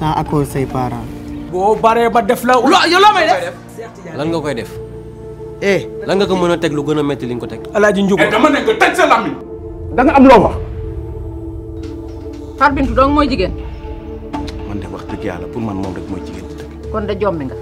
sans accord say parents. bo baree ba def la. lo yo lamay def. lan nga koy def. eh lan nga ko meuna tek lu gëna metti li nga ko teg. alaaji njugo eh, dama ne nga tëj sa lammi. da nga am lo wax. Far Bintou dong moy jigen man de wax dëgg yalla pour man mom rek moy jigen kon da jommi nga.